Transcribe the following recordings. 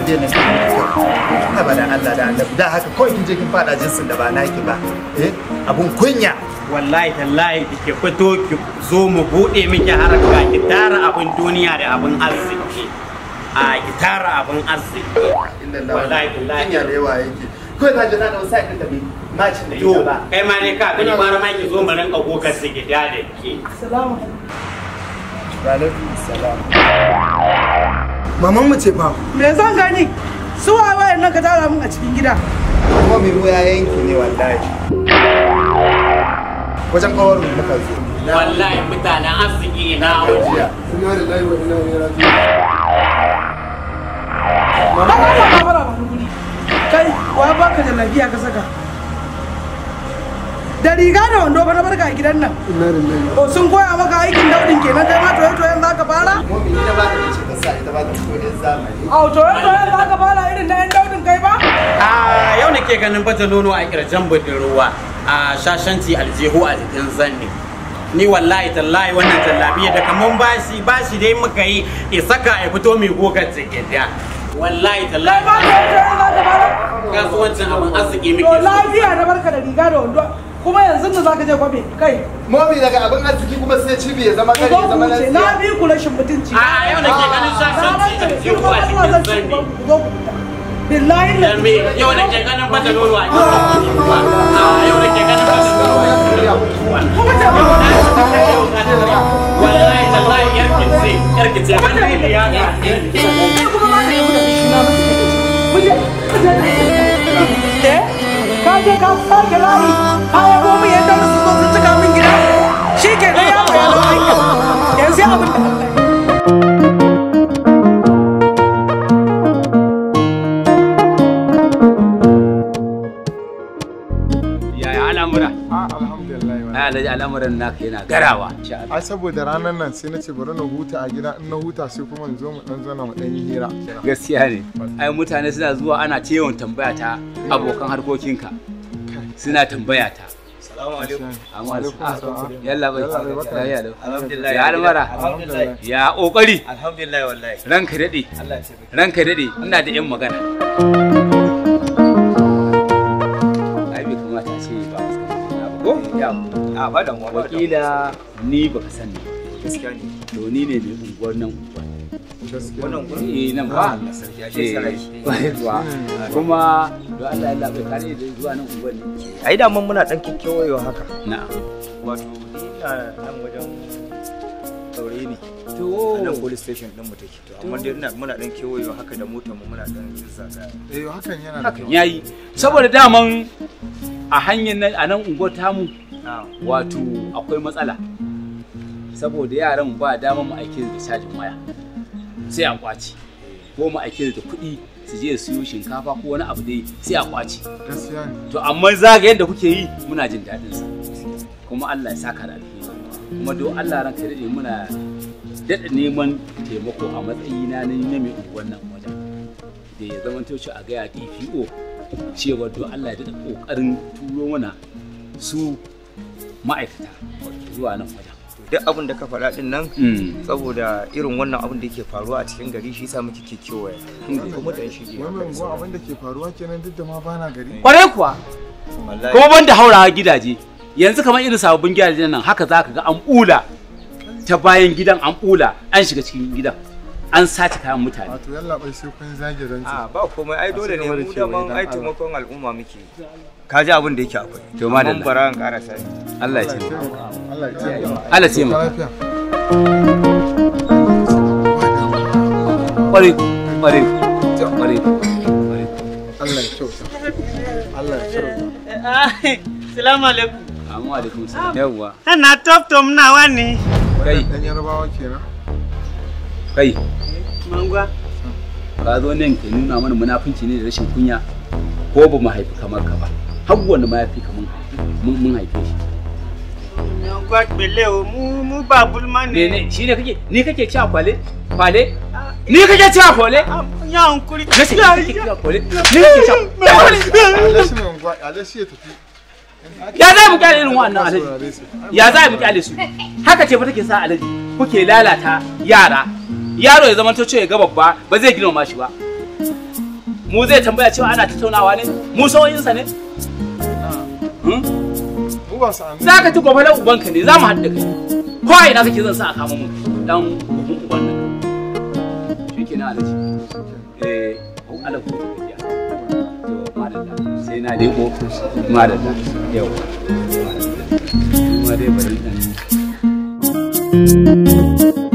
addinin haba da Allah da Allah da haka kawai kin je kin fada jinsin da ba naki ba eh abun kunya wallahi tallahi kike fito ki zo mu bude miki haraka ki tara abun duniya da abun arziki a ki tara abun arziki wallahi tallahi kunya da yawa yake kawai ka jira da wasu ka tabi macin da ita ba kai ma ne ka gani ma ma ki zo mu rinka kokar sigida da ke assalamu alaikum wa alaikum assalam maman mu ce fa me zan gani su wa wayan nan ka tara mun a cikin gida kuma mai ruwa yanki ne wallahi wajen kawar mu muka zo wallahi mutanen arziki na wajiya ina da layi wa ina ne kai, wa baka da lafiya ka saka? da riga da wando ba na barka gidan nan to sun koya maka aikin daudin kenan kai ma toye toyen za ka fara a toye toyon za ka fara irin na yan daudin kai ba a yau ne ke ganin bata nono a kirjan budin ruwa a shashanci aljihu a jikin zanni ni wallahi tallahi wannan jallabiya da kaman bashi bashi dai muka yi isaka ya fito mai gogar cikin da wallahi tallahi kasuwancin abin arziki muke so lafiya na barka da riga da wando kuma yanzu da zaka je kwabe kai momi daga abin arziki kuma sai cibi ya zama kare zama nan na bi ku rashin mutunci a yau ke ganin sa san ci ku a cikin zanni billahi la me yau nake ganin bata nono a yau nake ganin bata nono a kuma ta wallahi tallahi yarkin sai ban da ya ga kuma ma ne mu shi na ba ke Tagge Kampfar Gelai, Hawa Gomi Yadda Musu Zo Su Cika Min Gida, shi ke ya bayanin aikin, yanzu ya abin da alhaji al'amuran na ke na garawa. Ai saboda ranar nan sai na ce bari na huta a gida in na huta sai kuma in zo mu dan zauna mu dan yi hira. Gaskiya ne. Ai mutane suna zuwa ana ta yawan tambaya ta abokan harkokinka. Suna tambaya ta. Ya ƙoƙari. Alhamdulillah wallahi. Ranka daɗe. Ranka dade. Ina da 'yan magana. Yeah. a ba da wakila ni ba ka sani gaskiya ne to ni ne mai unguwar nan unguwar wannan eh, unguwar eh nan ba Allah ya shi eh, sarai ba hmm. kuma don Allah ya labe kare da zuwa nan unguwar ne ai da mun muna dan kikkiyoyo haka na'am wato ni na nan wajen saurayi ne to nan police station din mu take to amma dai ina muna dan kewayo haka da motar mu muna dan zazzaga eh hakan yana hakan yayi saboda daman a hanyar nan a nan unguwar tamu wato akwai matsala saboda yaran ba dama mu aike da cajin waya sai a kwace ko mu aike da kuɗi su je siyo shinkafa ko wani abu dai sai a kwace to amma zaga yadda kuke yi muna jin daɗin sa kuma Allah ya saka da alheri kuma don Allah ranka dade muna daɗa neman taimako a matsayina na na mai unguwar nan wajen da ya zama toci a gaya DPO cewa don Allah ya daɗa ƙoƙarin turo mana su ma'aikata zuwa nan wajen duk abin da ka faɗa din nan hmm. saboda irin wannan abin da yake faruwa a cikin gari shi sa muke ke kewaye hmm. kuma da shi wannan ko abin da ke faruwa kenan duk da ma bana gari kwarai kuwa kuma banda haurawa gidaje yanzu kamar irin sababbin gidajen nan haka zaka ga an ula ta bayan gidan an ula, an shiga cikin gidan an sace kayan mutane wato yalla bai sai kun zage zance a ah, ba komai ai dole ne mu da man ai taimakon al'umma muke ka ji abin da yake akwai to ma da bara an ƙara sai Allah ya ce Allah ya ce Allah ya ce mu ƙware ƙware ƙware Allah ya kyauta Allah ya kyauta Assalamu alaikum Assalamu alaikum yawwa Ana top top nawa ne kai kai Mangwa. Ka zo nan ka nuna mana munafunci ne da rashin kunya ko ba mu haifi kamar ka ba. Har ma ya fi kamar mun haife shi. Mangwa bele mu mu ba bulma ne. Ne shi ne kake ni kake ci kwale kwale ni kake ci kwale. Ya hankuri. Ne shi kake ci Ni kake ci kwale. Alashi Mangwa ya tafi. ya za mu kyale irin wannan alaji ya za mu kyale su haka ce fa take sa alaji kuke lalata yara yaro ya zama cewa ya ga babba ba zai girmama shi ba mu zai tambaya cewa ana tattaunawa ne mu sauyin sa ne hmm? za ka ci gwafalar ubanka ne za mu haɗu da kai ko a ina kake zan sa a kama mun dan uban uban nan shi ke na alaji eh ala ko ya madalla sai na dai ko madalla yau madalla kuma dai bari dan Thank you.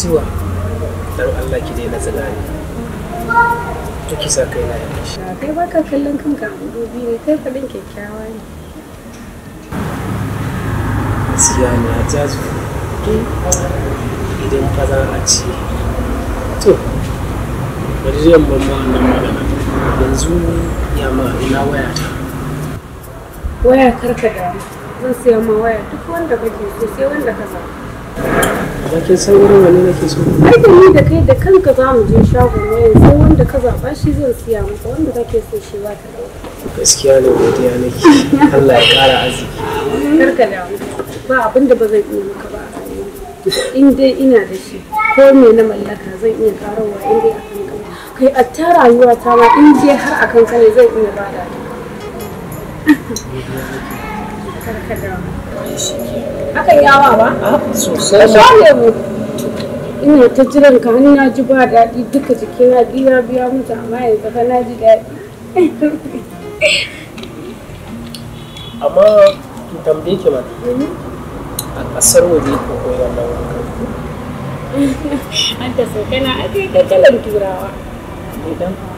zuwa dan Allah ki na tsanani to ki sa ah, kai na yi shi kai baka kallon kanka dubi ne kai fadin kyakkyawa ne siya ne a jazu ki eh? idan fa za a ci to bari zan ban ma wannan magana yanzu ya ma ina wayata waya karka da zan siya ma waya duk wanda kake so sai wanda ka zaba ba kin san irin wani nake so ai da ni da kai da kanka za mu je shagon wayan sai wanda ka zaba shi zan siya maka wanda kake so shi za ka dauka gaskiya ne godiya nake Allah ya kara arziki karka da ba abin da ba zan iya maka ba in dai ina da shi ko me na mallaka zan iya karowa in dai akan kai kai a ta rayuwa ta ma in dai har akan kai zan iya bada karka da Hakan yawa ba? Ah, sosai. ta jiran ka hannu na ji ba daɗi duka jikina biya biya mutu amma yanzu na ji daɗi. A ƙasar waje ko koyi wannan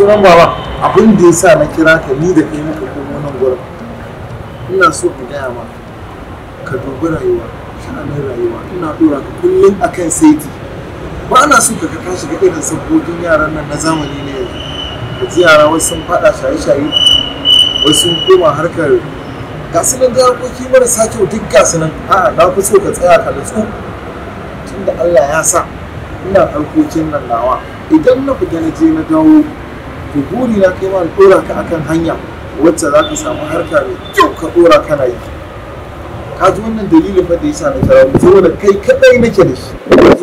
sunan baba abin da ya sa na kira ka ni da kai muka komo nan gurin ina so in gaya ma ka dubi rayuwa sha'anin rayuwa ina dora ka kullum a kan saiti ba na so ka kaka shiga irin sabbobin yaran nan na zamani ne yanzu ka ji yara wasu sun faɗa shaye-shaye wasu sun koma harkar ga su nan harkoki marasa kyau duk ga su nan a'a na fi so ka tsaya ka natsu tunda Allah ya sa ina harkokin nan nawa idan na fita na je na dawo ka buri na kai ma dora ka akan hanya wacce za ka samu harka mai kyau ka dora kana yi ka ji wannan dalilin fa da yasa na tara mu da kai kadai nake da shi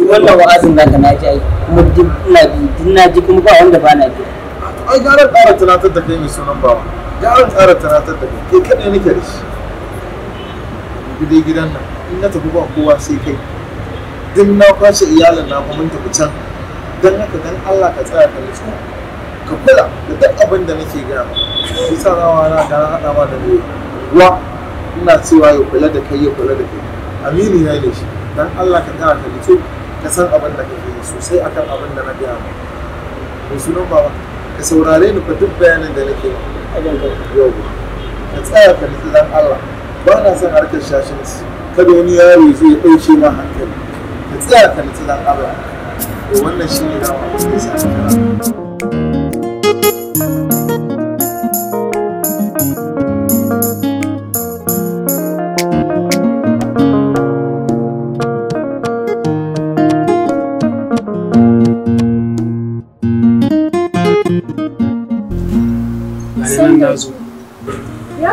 wannan wa'azin naka na ji kuma duk ina bi duk na ji kuma ba wanda ba na bi ai gara tsara tunatar da kai mai sunan bawa gara tsara tunatar da kai kai kadai nake da shi dai gidan nan in na tafi ba kowa sai kai duk na kwashe iyalin na kuma tafi can Dan haka dan Allah ka tsaya ka nutsu ka kula da duk abin da nake gaya shi sa rawa na ta haɗa ma da Wa? ina cewa ya kula da kai ya kula da kai amini na ne shi dan Allah ka ƙara ka nitso ka san abin da kake yi sosai akan abin da na gaya ma mai sunan baba ka saurare ni fa duk bayanin da nake yi, yau ka tsaya ka nitsi dan Allah ba na son harkar shashinsu kada wani yaro ya ɗauke ma hankali ka tsaya ka nitsi dan Allah to wannan shi ne nawa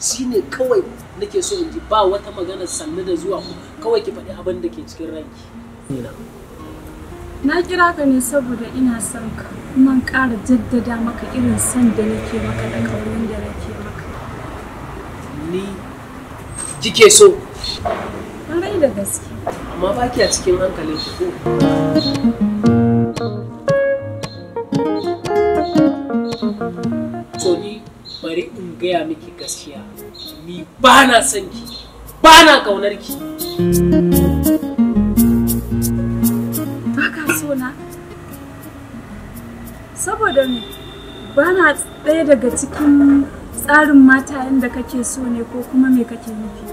shine kawai nake so in ji ba wata magana sannu da zuwa ku kawai ki faɗi abin da ke cikin ranki na kira ka ne saboda ina son ka kuma in ƙara jaddada maka irin son da nake maka da kaurin da nake maka ni kike so rai da gaske amma ba ki a cikin hankalin gaya miki gaskiya ni ba na son ki ba na ƙaunar ki ka so na saboda me ba na ɗaya daga cikin tsarin mata yadda kake so ne ko kuma me kake nufi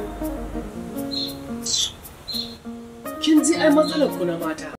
kin ji ai matsalar ku na mata